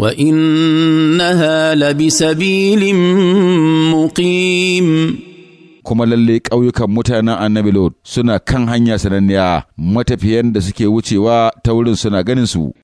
وإنها لبسبيل مقيم kuma lalle ƙauyukan mutanen annabi suna kan hanya sananniya matafiyan da suke wucewa ta wurin suna ganin su